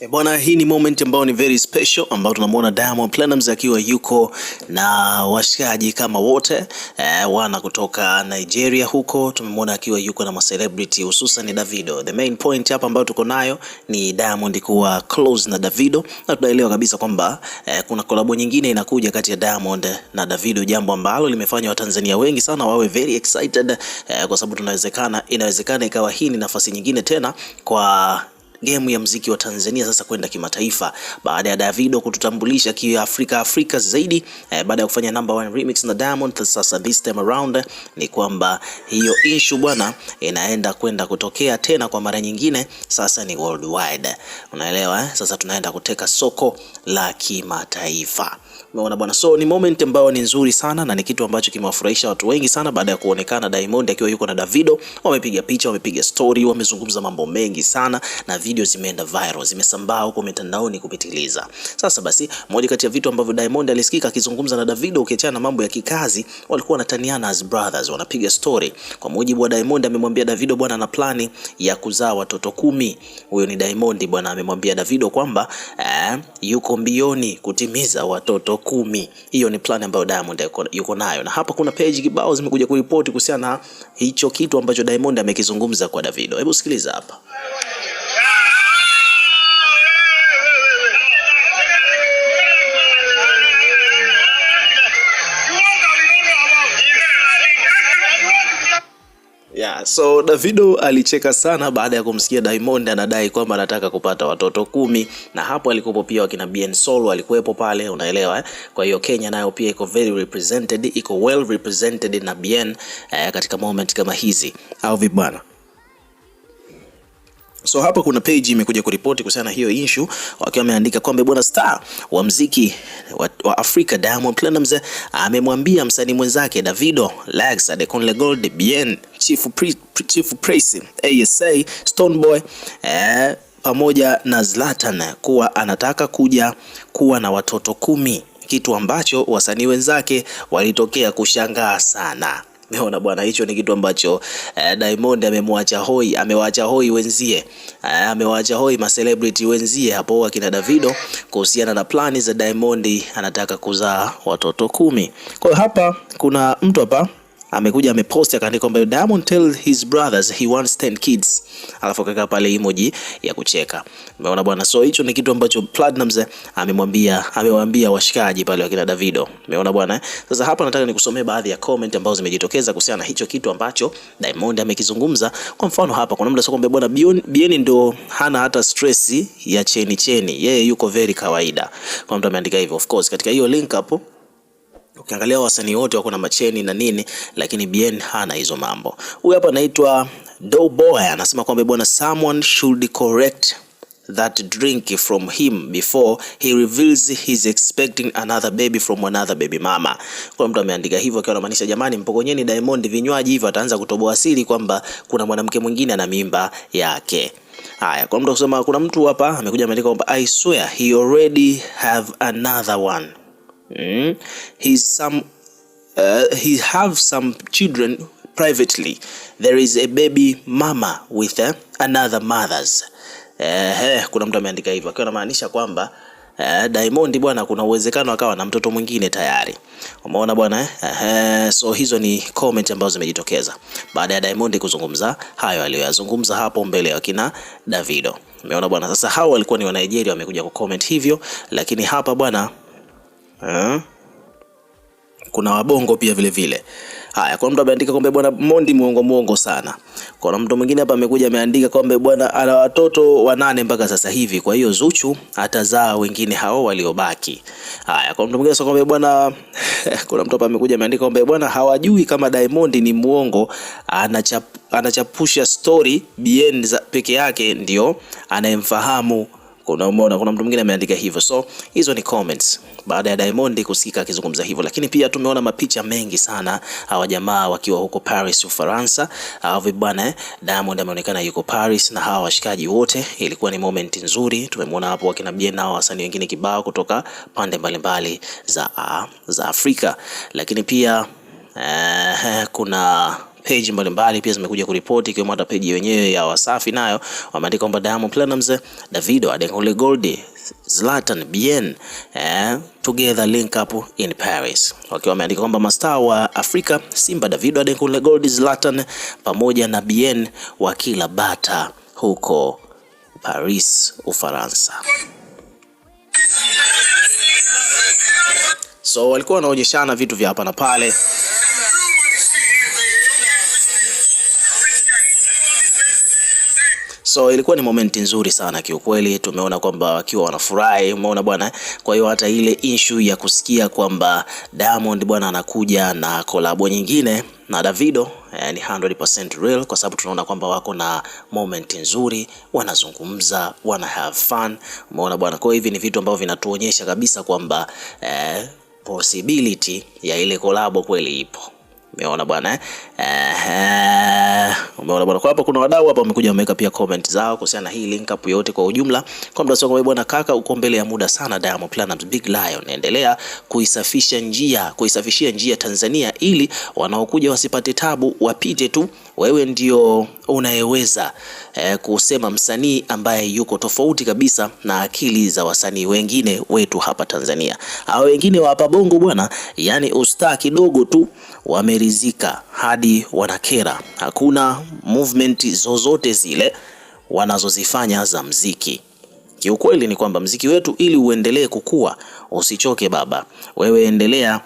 E, bwana, hii ni moment ambayo ni very special ambayo tunamwona Diamond Platnumz akiwa yuko na washikaji kama wote e, wana kutoka Nigeria huko. Tumemwona akiwa yuko na ma celebrity hususan Davido. The main point hapa ambayo tuko nayo ni Diamond kuwa close na Davido, na tunaelewa kabisa kwamba e, kuna kolabo nyingine inakuja kati ya Diamond na Davido, jambo ambalo limefanya Watanzania wengi sana wawe very excited e, kwa sababu tunawezekana inawezekana ikawa hii ni nafasi nyingine tena kwa ngemu ya mziki wa Tanzania sasa kwenda kimataifa baada ya Davido kututambulisha kiafrika Afrika zaidi eh, baada ya kufanya number one remix na Diamond. Sasa this time around ni kwamba hiyo issue bwana inaenda kwenda kutokea tena kwa mara nyingine, sasa ni worldwide, unaelewa eh? Sasa tunaenda kuteka soko la kimataifa. Umeona bwana, so ni moment ambayo ni nzuri sana na ni kitu ambacho kimewafurahisha watu wengi sana baada ya kuonekana Diamond akiwa yuko na Davido, wamepiga picha, wamepiga story, wamezungumza mambo mengi sana na video zimeenda viral, zimesambaa huko mitandaoni kupitiliza. Sasa basi, moja kati ya vitu ambavyo Diamond alisikika akizungumza na Davido, ukiachana na mambo ya kikazi, walikuwa wanataniana as brothers, wanapiga story. Kwa mujibu wa Diamond, amemwambia Davido bwana ana plani ya kuzaa watoto kumi. Huyo ni Diamond bwana, amemwambia Davido kwamba eh, yuko mbioni kutimiza watoto kumi. Hiyo ni plani ambayo Diamond yuko nayo, na hapa kuna page kibao zimekuja kuripoti kuhusiana na hicho kitu ambacho Diamond amekizungumza kwa Davido. Hebu sikiliza hapa. So Davido alicheka sana baada ya kumsikia Diamond anadai kwamba anataka kupata watoto kumi, na hapo alikuwepo pia wakina Bien Soul alikuwepo pale, unaelewa eh? Kwa hiyo Kenya nayo pia iko very represented, iko well represented na Bien eh, katika moment kama hizi au vibana So hapa kuna page imekuja kuripoti kuhusiana na hiyo issue, wakiwa wameandika kwamba bwana star wa mziki wa, wa Afrika Diamond Platnumz amemwambia msanii mwenzake Davido, Lex Adekunle Gold, Bien, Chief Pri, Chief Price, ASA, Stoneboy eh, pamoja na Zlatan kuwa anataka kuja kuwa na watoto kumi, kitu ambacho wasanii wenzake walitokea kushangaa sana. Umeona bwana, hicho ni kitu ambacho eh, Diamond amemwacha hoi, amewaacha hoi wenzie eh, amewaacha hoi ma celebrity wenzie hapo akina Davido kuhusiana na plani za Diamond, anataka kuzaa watoto kumi. Kwa hiyo hapa kuna mtu hapa amekuja amepost akaandika kwamba Diamond tell his brothers he wants 10 kids, alafu akaweka pale emoji ya kucheka. Umeona bwana, so hicho ni kitu ambacho Platinumz amemwambia amewaambia washikaji pale wakina Davido. Umeona bwana, sasa hapa nataka nikusomee baadhi ya comment ambazo zimejitokeza kuhusiana na hicho kitu ambacho Diamond amekizungumza. Kwa mfano hapa kuna mtu asema bwana, Bien ndo hana hata stress ya cheni cheni, yeye yuko very kawaida. Kwa mtu ameandika hivyo, of course katika hiyo link hapo Ukiangalia wasanii wote wako na macheni na nini, lakini Bien hana hizo mambo. Huyu hapa anaitwa Doughboy anasema kwamba bwana, someone should correct that drink from him before he reveals he's expecting another baby from another baby mama. Kuna mtu ameandika hivyo akiwa anamaanisha jamani, mpokonyeni Diamond vinywaji hivyo, ataanza kutoboa siri kwamba kuna mwanamke mwingine ana mimba yake. Haya, kuna mtu kusema, kuna mtu hapa amekuja ameandika kwamba I swear he already have another one Hmm? He's some uh, he have some children privately. There is a baby mama with uh, another mothers. Eh, kuna mtu ameandika hivyo akiwa anamaanisha kwamba Uh, Diamond bwana, kuna uwezekano akawa na mtoto mwingine tayari. Umeona bwana eh? Uh, so hizo ni comment ambazo zimejitokeza baada ya Diamond kuzungumza hayo aliyoyazungumza hapo mbele ya wakina Davido. Umeona bwana, sasa hao walikuwa ni wa Nigeria wamekuja ku comment hivyo, lakini hapa bwana eh? Kuna wabongo pia vile vile. Haya, kuna mtu ameandika kwamba bwana Mondi muongo muongo sana. Kuna mtu mwingine hapa amekuja ameandika kwamba bwana ana watoto wanane mpaka sasa hivi, kwa hiyo Zuchu atazaa wengine hao waliobaki. Haya, kuna mtu mwingine sasa kwamba bwana kuna mtu hapa amekuja ameandika kwamba bwana hawajui kama Diamond ni muongo, anachap, anachapusha story bien peke yake ndio anayemfahamu kuna umeona, kuna mtu mwingine ameandika hivyo. So hizo ni comments baada ya Diamond kusikika akizungumza hivyo, lakini pia tumeona mapicha mengi sana hawa jamaa wakiwa huko Paris Ufaransa. Hawa bwana eh? Diamond ameonekana yuko Paris na hawa washikaji wote, ilikuwa ni moment nzuri. Tumemwona hapo wakina Bien na wasanii wengine kibao kutoka pande mbalimbali za, za Afrika, lakini pia eh, kuna page mbalimbali pia zimekuja kuripoti ikiwemo hata page yenyewe ya Wasafi nayo wameandika kwamba Diamond Platnumz, Davido, Adekunle Gold, Zlatan, Bien eh, together link up in Paris. Wakiwa wameandika kwamba mastaa wa Afrika Simba, Davido, Adekunle Gold, Zlatan pamoja na Bien wa kila bata huko Paris, Ufaransa. So walikuwa wanaonyeshana vitu vya hapa na pale. So ilikuwa ni momenti nzuri sana kiukweli, tumeona kwamba wakiwa wanafurahi, umeona bwana. Eh? Kwa hiyo hata ile issue ya kusikia kwamba Diamond bwana anakuja na kolabo nyingine na Davido eh, ni 100% real kwa sababu tunaona kwamba wako na moment nzuri, wanazungumza, wana have fun, umeona bwana. Kwa hivi ni vitu ambavyo vinatuonyesha kabisa kwamba eh, possibility ya ile kolabo kweli ipo. Umeona bwana eh, umeona bwana. Kwa hapa kuna wadau hapa wamekuja wameweka pia comment zao kuhusiana na hii link up yote kwa ujumla. Kwa mda sio bwana, kaka uko mbele ya muda sana. Diamond Platnumz Big Lion, endelea kuisafisha njia, kuisafishia njia Tanzania ili wanaokuja wasipate tabu, wapite tu wewe ndio unayeweza e, kusema msanii ambaye yuko tofauti kabisa na akili za wasanii wengine wetu hapa Tanzania. Hao wengine wa hapa Bongo bwana, yani ustaa kidogo tu wamerizika hadi wanakera. Hakuna movement zozote zile wanazozifanya za mziki. Kiukweli ni kwamba mziki wetu ili uendelee kukua, usichoke baba, wewe endelea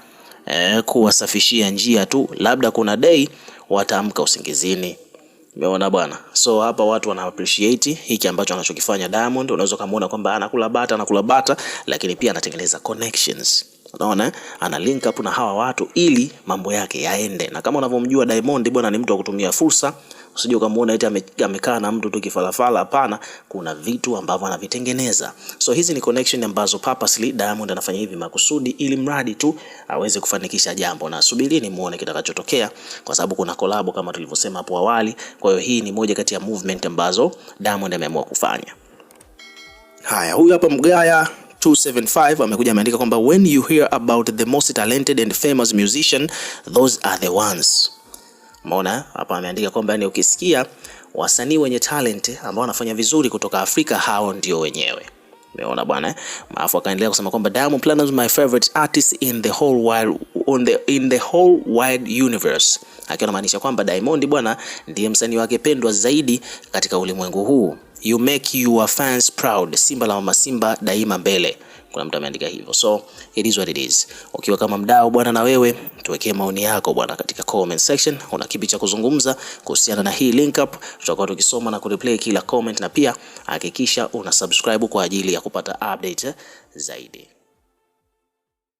eh, kuwasafishia njia tu, labda kuna dei wataamka usingizini. Umeona bwana, so hapa watu wana appreciate hiki ambacho anachokifanya Diamond. Unaweza kumuona kwamba anakula bata, anakula bata, lakini pia anatengeneza connections unaona, ana link up na hawa watu ili mambo yake yaende. Na kama unavyomjua Diamond bwana, ni mtu wa kutumia fursa, usije ukamuona eti amekaa na mtu tu kifalafala. Hapana, kuna vitu ambavyo anavitengeneza. So hizi ni connection ambazo purposely Diamond anafanya hivi makusudi, ili mradi tu aweze kufanikisha jambo, na subiri ni muone kitakachotokea, kwa sababu kuna collab kama tulivyosema hapo awali. Kwa hiyo hii ni moja kati ya movement ambazo Diamond ameamua kufanya. Haya, huyu hapa Mgaya 275 amekuja ameandika kwamba when you hear about the most talented and famous musician those are the ones. Umeona hapa ameandika kwamba yani, ukisikia wasanii wenye talent ambao wanafanya vizuri kutoka Afrika hao ndio wenyewe. Umeona bwana, maafu akaendelea kusema kwamba Diamond Platnumz my favorite artist in the whole wide on the in the whole wide universe, akiwa anamaanisha kwamba Diamond bwana ndiye msanii wake pendwa zaidi katika ulimwengu huu you make your fans proud. Simba la mama Simba daima mbele. Kuna mtu ameandika hivyo, so it is what it is. Ukiwa kama mdau bwana, na wewe tuwekee maoni yako bwana katika comment section. Una kipi cha kuzungumza kuhusiana na hii link up? Tutakuwa tukisoma na kureplay kila comment, na pia hakikisha una subscribe kwa ajili ya kupata update zaidi.